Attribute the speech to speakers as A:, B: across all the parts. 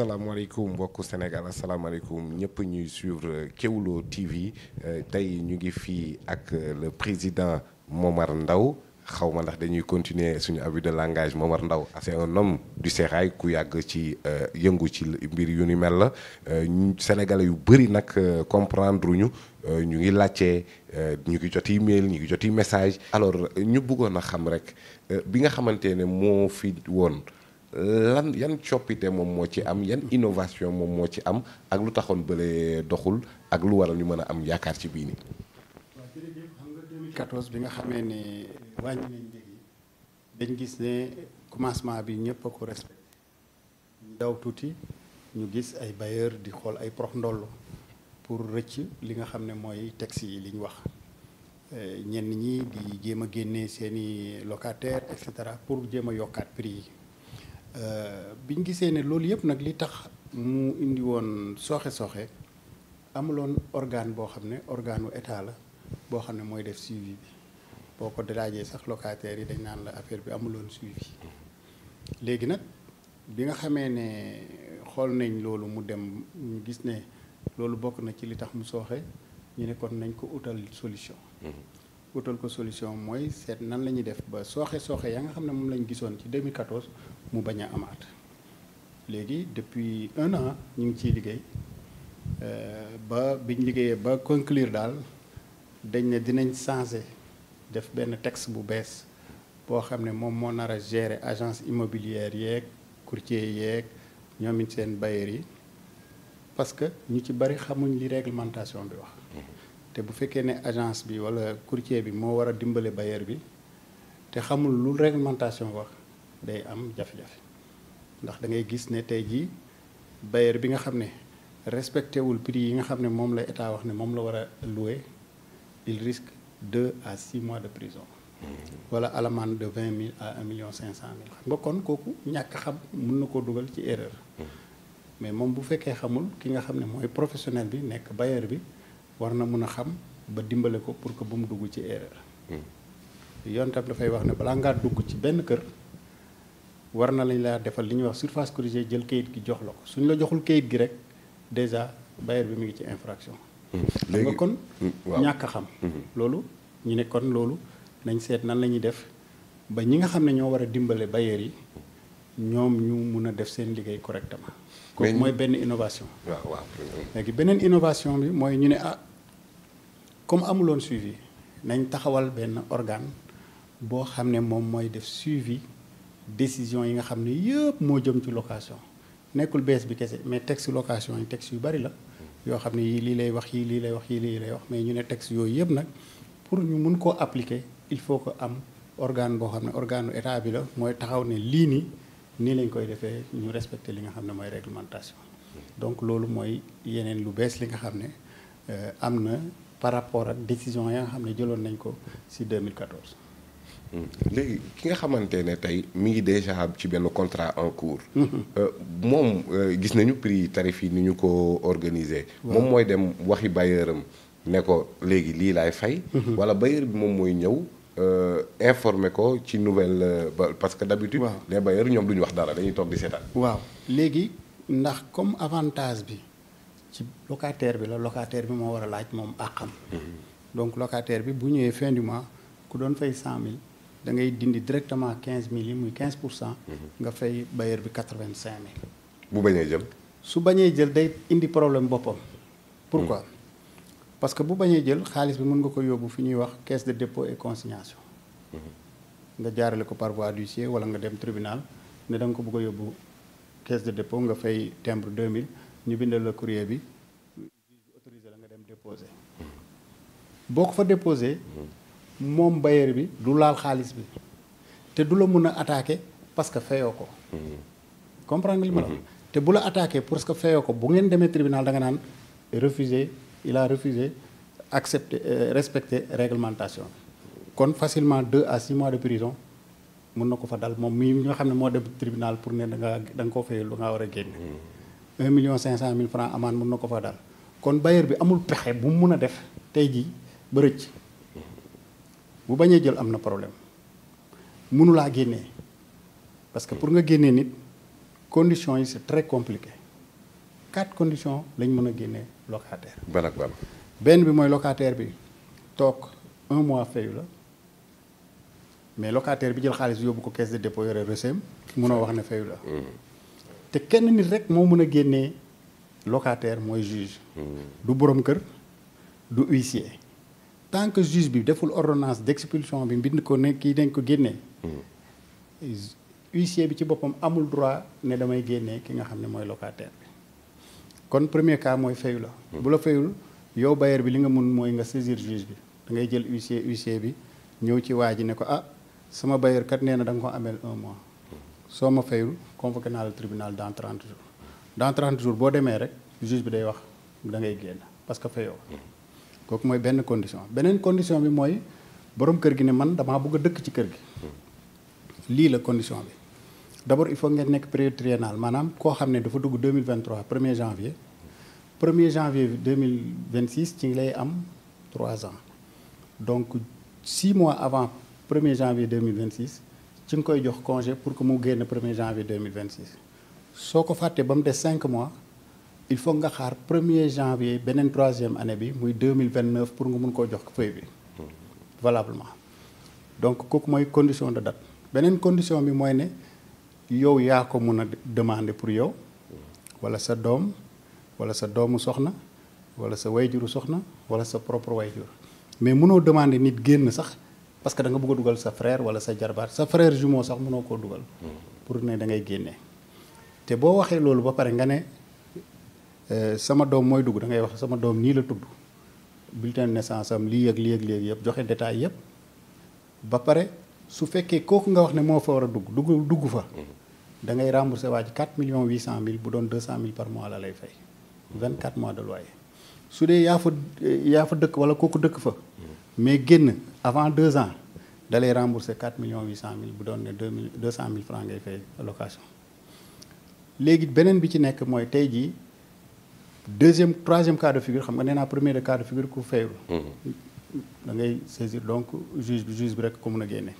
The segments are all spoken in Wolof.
A: asalaamaaleykum mbokku Sénégal asalaamaaleykum ñëpp ñuy suivre kewlo TV euh, tey ñu ngi fii ak euh, le président Momar ndaw xawma ma ndax dañuy continuer suñu abus de langage Momar ndaw c'est un homme du sérail ku yàgg ci euh, yëngu ci mbir yu ni mel la sénégalais yu bëri nag comprendre ñu ñu ngi laajte ñu ngi jot email ñu ngi jot message alors ñu bëggoon a xam rek bi nga xamante ne moo fi woon lan yan coppite moom moo ci am yan innovation moom moo ci am ak lu taxoon bële doxul ak lu waral ñu mën a am yaakaar ci bii nii. waaw
B: jërëjëf xam nga bi nga xamee ne wàññi nañ gis ne commencement bi ñëpp a ko respecté ñu tuuti ñu gis ay bailleur di xool ay prox ndollo pour rëcc li nga xam ne mooy taxi yi li ñu wax eh, ñenn ñi di jéem a génnee seen i locataire et cetera pour jéem a yokkaat prix yi. Euh, biñ gisee ne loolu yëpp nag li tax indi woon sooxe-sooxe amuloon organe boo xam ne organe u état la boo xam ne mooy def suivi bi boo ko laajee sax yi dañ naan la affaire bi amuloon suivi léegi nag bi nga xamee ne xool nañ loolu mu dem ñu gis ne loolu bokk na ci li tax mu sooxe ñu nekkoon nañ ko utal solution mm-hmm. wutal ko solution moy set nan lañuy def ba soxé soxé ya nga xamné mom lañu gissone ci 2014 mu baña a légui depuis un an ñu ngi ciy liggéey euh, ba biñ liggéeyee ba conclure dal dañ né dinañ changer def ben texte bu bees bo xamné mom mo moo gérer agence immobilière yeeg courtier yeeg ñom it seen bailleurs yi parce que ñu ci bari xamuñ li réglementation bi wax te bu fekkee ne agence bi wala courtier bi moo war a dimbale bailleur bi te xamul lu réglementation wax day am jafe-jafe ndax da ngay gis ne tey jii bailleur bi nga xam ne respecté wul prix yi nga xam ne moom la état wax ne moom la war a louer il risque deux à six mois de prison hmm. wala alamande de vingt mille à un million cinq cent mille xam nga kon kooku ñàkk xam mën na ko dugal ci erreur hmm. mais moom bu fekkee xamul ki nga xam ne mooy professionnel bi nekk bailleur bi warna na xam ba dimbalé ko pour que bamu dugg ci erreur hmm yoon la fay wax né bala nga dugg ci benn kër warna lañ la defal liñ wax surface corrigée jël kayit gi jox lako suñ la joxul kayit gi rek déjà bayer bi mi ngi ci infraction
A: hmm légui kon hmm, ñàkk xam hmm.
B: lolu ñu né kon lolu nañ sét nan lañuy def ba ñi nga xam né ño wara dimbalé bayer yi ñom ñu mëna def seen liggéey correctement kooku mooy benn innovation waaw waaw léegi beneen innovation bi moy ñu né ah comme amuloon suivi nañ taxawal ben organe bo xamné mom moy def suivi décision yi nga xamné yépp mo jëm ci location nekul bees bi kessé mais texte location yi texte yu bari la yo xamné yi yii lay wax yi lii lay wax yi lii lay wax mais ñu né texte yoy yépp nak pour ñu mun ko appliquer il faut que am organe bo xamné organe état bi la moy taxaw ne lii ni nii lañ koy défé ñu respecter li nga xamné moy réglementation donc lolu moy yenen lu bees li nga xamné ne euh, am par rapport ak décision ya nga xam ne jëloon nañ ko si 2014.
A: Hmm. léegi ki nga xamante ne tey mi ngi déjà ci benn contrat en cours. Hmm. Euh, moom euh, gis nañu prix tarif yi ni ñu ko organiser. moom mooy dem waxi bailleuram ne ko léegi lii laay fay. Hmm. wala bailleur bi moom mooy ñëw. Euh, informer ko ci nouvelle parce que d'habitude. les bailleurs ñoom duñu wax dara dañuy toog di seetaan. waaw
B: léegi ndax comme avantage bi ci locataire bi locataire bi moo war a laaj moom àqam mm-hmm. donc locataire bi bu ñëwee fin du mois ku doon fay 100 000 da ngay dindi directement 15 000 yi muy 15 pour cent mm-hmm. nga fay bayeur bi 85 000. bu bañee jël. su bañee jël day indi problème boppam pourquoi mm-hmm. parce que bu bañee jël xaalis bi mun nga ko yóbbu fi ñuy wax caisse de dépôt et consignation. nga jaarale ko par voie d'huissier wala nga dem tribunal ne da nga ko bëgg a yóbbu caisse de dépôt nga fay timbre 2000 ñu bindal le courrier bi autorisé la nga dem déposer boo fa déposer mom bailleur bi du laal bi Té du la mëna attaquer attaqué parce que fayoo comprendre li ma la te bu la attaqué parce que fayoo bu ngeen démé tribunal da nga nan refusé il a refusé accepter euh, respecter réglementation kon facilement deux à six mois de prison mën na ko fa dal moom mii nga xam ne moo tribunal pour ne da nga da nga ko fayee lu nga war a un million cinq cent mille francs amende mën na ko fa dal kon bailleur bi amul pexe bu mu mun a def tey jii ba rëcc bu bañee jël am na problème mënulaa génnee parce que pour nga génnee nit conditions yi c'est très compliqué quatre condition lañ mën a génnee locataire. ban ak benn bi mooy locataire bi toog un mois fayu la mais locataire bi jël xaalis yóbbu ko caisse de dépôt yore reseem munoo wax ne fayu la. Mm-hmm. te kenn nit rek moo mën a génnee locataire mooy juge. Hmm. du borom kër du huissier. tant que juge bi deful ordonnance d'expulsion bi mbind ko ne kii dañ ko génnee. Hmm. huissier bi ci boppam amul droit ne damay génnee ki nga xam ne mooy locataire bi kon premier cas mooy fayu la. Hmm. bu la fayul yow bailleur bi li nga mun mooy nga saisir juge bi da ngay jël huissier huissier bi ñëw ci waa ji ne ko ah sama bailleur kat nee na da ko ameel un mois. soo ma fayul convoqué naa le tribunal dans 30 jours dans 30 jours boo demee rek juge bi day wax da ngay génn parce que fayoo kooku mooy benn condition beneen condition bi mooy borom kër gi ne man damaa bëgg a dëkk ci kër
A: gi
B: lii la condition bi d'abord il faut ngeen nekk période triennale maanaam koo xam ne dafa dugg 2023 1er janvier 1er janvier 2026 ci lay am 3 ans donc 6 mois avant 1er janvier 2026 je nga koy jox congé pour que mu le 1er janvier 2026 soo ko fàttee ba 5 mois il faut nga le 1er janvier 3 troisième année bi 2029 pour nga mun koo jox feuille bi valablement donc kooku une condition de date beneen condition bi mooy ne yow yaa ko mun demander pour yow wala sa dom, wala sa doomu soxna wala sa wayjuru soxna wala sa propre wayjur mais munoo demander nit génn sax parce que da nga bëgg duggal sa frère wala sa jarbar sa frère jumo sax mëno ko duggal hmm. pour né da ngay génné té bo waxé lolu ba paré nga euh sama dom moy dugg da ngay wax sama dom ni la tuddu bulletin de naissance am li ak li ak ak yépp joxé détail yépp ba paré su féké koku nga wax né mo fa wara dugg dugg dugg fa hmm. da ngay rembourser waji 4 millions 800 mille bu doon 200 mille par mois la lay fay 24 hmm. mois de loyer su dé ya fa ya fa dëkk wala koku dëkk fa mais génn avant deux ans d'aller rembourser 4 millions 800 mille bu doon ne 200 mille francs ngay fay location léegi beneen bi ci nek moy tay ji deuxième troisième cas de figure xam nga néna premier cas de figure ku fayul. Mm-hmm. da ngay saisir donc juge bi juge bi rek ko mun a génne.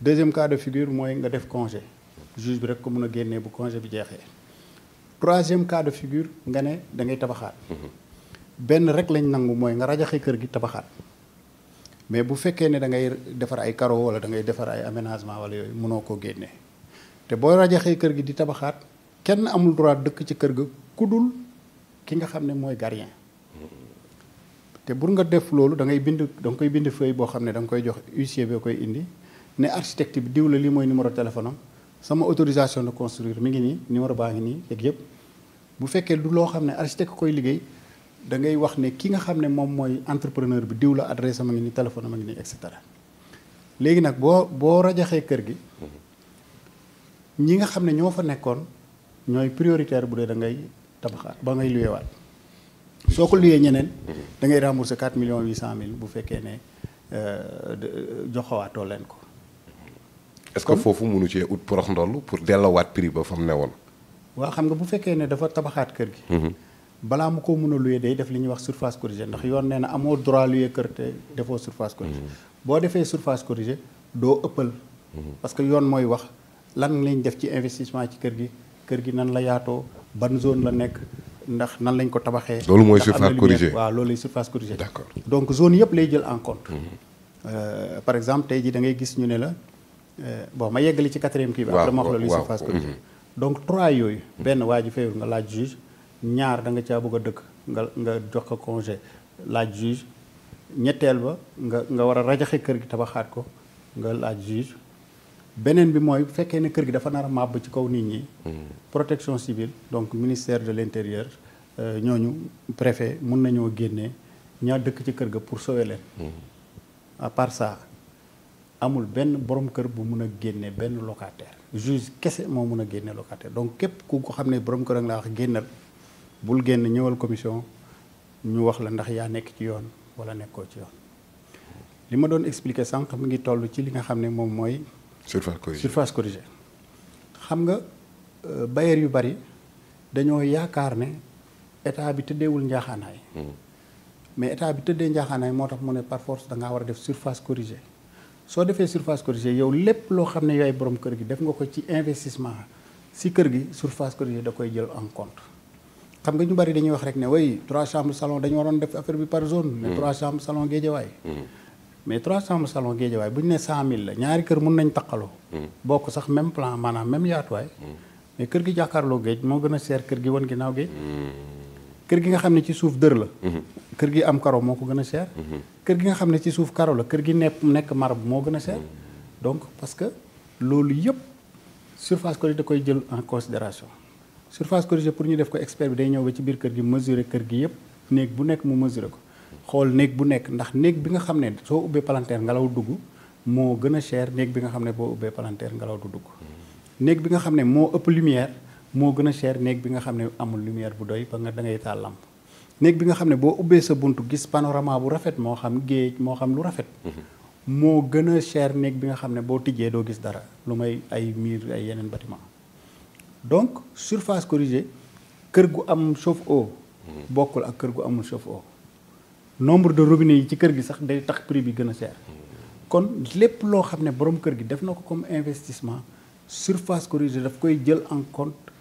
B: deuxième cas de figure moy nga def congé juge bi rek ko mun a génne bu congé bi jeexee troisième cas de figure nga né da ngay tabaxaat. Mm-hmm. benn rek lañ nangu moy nga rajaxe kër gi tabaxat mais bu fekke ne da ngay defar ay carreau wala da ngay defar ay aménagement wala yoy mëno ko génne te booy rajaxee kër gi di tabaxat kenn amul droit dëkk ci kër ga kudul ki nga xamné moy gardien té bur nga def lolu da ngay bind da nga koy bind feuille bo xamné ne da nga koy jox huissier bi koy indi né architecte bi diw la li moy numéro téléphone sama autorisation de construire mi ngi ni numéro baa ngi nii yëg yëpp bu fekkee du lo xamné architecte koy liggéey da ngay wax ne ki nga xamne mom moy entrepreneur bi diw la adresse ma ngi ni telephone ma ngi ni et cetera legui nak bo bo rajaxé kër gi ñi nga xamne ño fa nekkoon ñoy prioritaire bu de da ngay tabaxa ba ngay luyé wat soko luyé ñenen da ngay rembourser 4 millions 800 000 bu fekkee ne euh, euh, joxawaatoo len ko
A: est ce que fofu mënu cee ut porox ndol pour dellowaat prix ba fam néwon
B: wa xam nga bu fekkee né dafa tabaxat kër gi mhm. balaa mu ko mën a luye day def li ñuy wax surface corrigée ndax yoon nee na amoo droit luye kër te defoo surface corrigée mm-hmm. boo defee surface corrigée doo ëppal mm-hmm. parce que yoon mooy wax lan lañ def ci investissement ci kër gi kër gi nan la yaatoo ban zone la nekk ndax nan lañ ko tabaxee loolu mooy surface corrigée waaw loolu lay surface corrigée d'accord donc zone yëpp lay jël en compte mm-hmm. euh, par exemple tey ji da ngay gis ñu ne la euh, boo ma yeggali ci quatrième kii bi après ma wax loolu surface corrigée ñaar da nga caa bëgg a dëkk nga nga jox ko congé laaj juge ñetteel ba nga nga war a rajaxe kër gi tabaxaat ko nga laaj juge beneen bi mooy bu fekkee ne kër gi dafa nar a màbb ci kaw nit ñi. Hmm. protection civile donc ministère de l' intérieur euh, ñooñu préfet mun nañoo génnee ñaa dëkk ci kër ga pour sauver leen. Hmm. à part amul benn borom kër bu mun a génnee benn locataire juge kese moo mun a génne locataire donc képp ku ko xam ne borom kër nga la wax génnal. bul génn ñëwal commission ñu wax la ndax yaa nekk ci yoon wala nekkoo ci yoon li ma doon expliquer sànq mi ngi toll ci li nga xam ne moom mooy. surface corrigée surface corrigée xam nga euh, bailleur yu bari dañoo yaakaar ne état bi tëddeewul njaaxaanaay. Hmm. mais état bi tëddee njaaxaanaay moo tax mu ne par force da ngaa war a def surface corrigée soo defee surface corrigée yow lépp loo xam ne yaay borom kër gi def nga ko ci investissement si kër gi surface corrigée da koy jël en compte. xam nga ñu bari dañuy wax rek ne way trois chambres salon dañu waroon def affaire bi par zone. ne hmm. trois chambres salon géejawaay. Hmm. mais trois chambres salon géejawaay bu ñu ne cent mille la ñaari kër mun nañ taqaloo. Hmm. bokk sax même plan maanaam même yaatuwaay. mais kër gi jàkkaarloo géej moo gën a seer kër gi wan ginnaaw géej. kër gi nga xam ne ci suuf dër la. kër gi am karo moo ko gën a seer. kër gi nga xam ne ci suuf karo la kër gi nepp nekk bu moo gën a seer. donc parce que loolu yëpp surface ko da koy jël en considération surface corrigée pour ñu def ko expert bi day ñëw ba ci biir kër gi mesurer kër gi yëpp néeg bu nekk mu mesurer ko xool néeg bu nekk ndax néeg bi nga xam ne soo ubbee palanteer ngelaw dugg moo gën a cher néeg bi nga xam ne boo ubbee palanteer ngelaw du dugg néeg bi xam ne moo ëpp lumière moo gën a cher néeg bi nga xam ne amul lumière bu doy ba nga da ngay taal lampe néeg bi nga xam ne boo ubbee sa buntu gis panorama bu rafet moo xam géej moo xam lu rafet mm-hmm. moo gën a cher néeg bi nga xam ne boo tijjee doo gis dara lu may ay miir ay yeneen bâtiment donc surface corrigée kër gu am chauffe-eau hmm. bokul ak kër gu amul chauffe-eau nombre de robinets ci kër gi sax day tax prix bi gëna cher hmm. kon lepp lo xam borom kër gi def na comme investissement surface corrigée daf koy jël en compte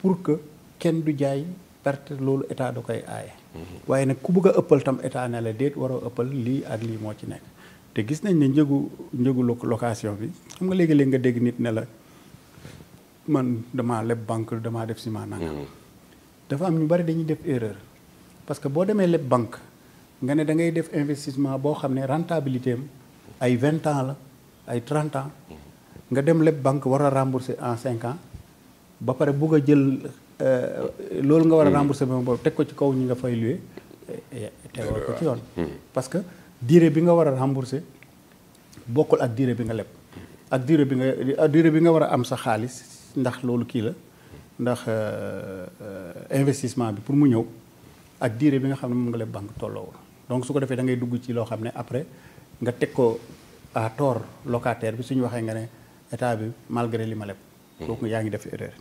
B: pour que kenn du jaay perte lolu état da koy ayé. Hmm. waaye nak ku bëgga ëppal tam état ne la déet waro ëppal li ak li mo ci nekk Té gis nañ né njëgu njëgu location bi xam nga légui léeg nga dégg nit né la man damaa leb banque damaa def ciment nangam. Mm. dafa am ñu bari dañuy def erreur. parce que boo demee leb banque nga ne da ngay def investissement boo xam ne rentabilité am ay vingt ans la ay trente ans mm. nga dem leb banque war a rembourser en cinq ans ba pare bugg a jël euh, loolu nga war a mm. rembourser moom boobu teg ko ci kaw ñi nga fay luwe teewal ko ci yoon. parce que durée bi nga war a rembourser bokkul ak durée bi nga leb. ak durée bi nga durée bi nga war a am sa xaalis. ndax loolu kii la ndax euh, euh, investissement bi pour mu ñëw ak diire bi nga xam ne mu nga leb banque tolloo donc su ko defee dangay dugg ci loo xam ne après nga teg ko à tort locataire bi suñu waxee nga ne état bi malgré li ma leb. yaa ngi def erreur.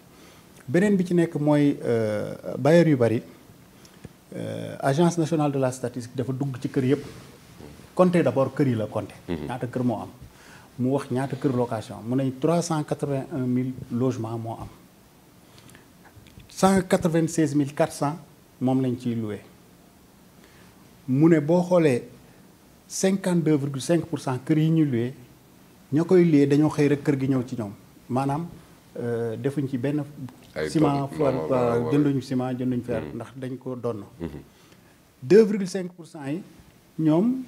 B: beneen bi ci nekk mooy euh, bailleur yu bari agence nationale de la statistique dafa dugg ci kër yëpp compté d'abord kër yi la compté. Mhm. ñaata kër moo am. mu wax ñaata kër location mu ne trois cent quatre vingt un mille logements moo am cent vingt seize mille quatre cent moom lañ ciy loué mu ne boo xoolee cinquante deux virgule cinq pour cent kër yi ñu loué ña koy loué dañoo xëy rek kër gi ñëw ci ñoom maanaam euh, defuñ ci benn ciment fer jënduñu ciment jënduñu fer mm-hmm. ndax dañ ko donn mm-hmm. deux virgule cinq pour cent yi ñoom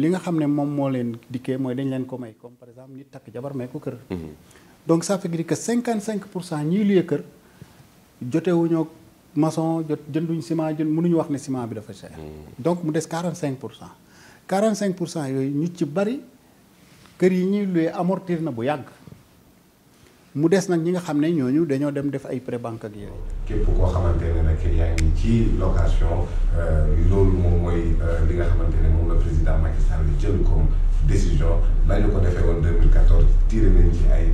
B: li nga xam ne moom moo leen dikkee mooy dañ leen ko may comme par exemple nit takk jabar may ko kër. Mhm. donc ça fait dire que cinquante cinq pour cent ñiy luye kër jotewuñoo maçon jot jënduñ ciment jënd mënuñu wax ne ciment bi dafa cher. Mhm. donc mu des quarante cinq pour cent quarante cinq pour cent yooyu ñu ci bari kër yi ñuy luye amortir na bu yàgg. mu dess nak ñi nga xam ne ñooñu dañoo dem def ay prêt banque ak yooyu.
A: képp koo xamante ne nag yaa ngi ci location euh loolu moom moy euh, li nga xamante ne moom la président Macky Sall jël ko décision nañu ko défé won 2014 tiré nañ ci ay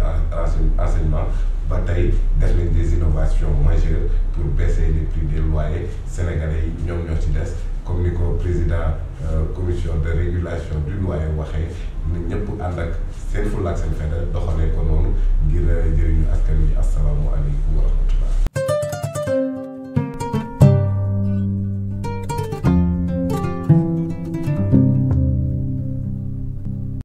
A: enseignement ba tay def nañ des innovations majeures pour baisser les prix des loyers sénégalais ñom ñoo ci dess comme ni ko président euh, commission de régulation du loyer waxee na ñëpp ànd ak seen fulla ak seen fayda doxalee ko noonu ngir euh, jëriñu askan wi asalaamualeykum wa rahmatullah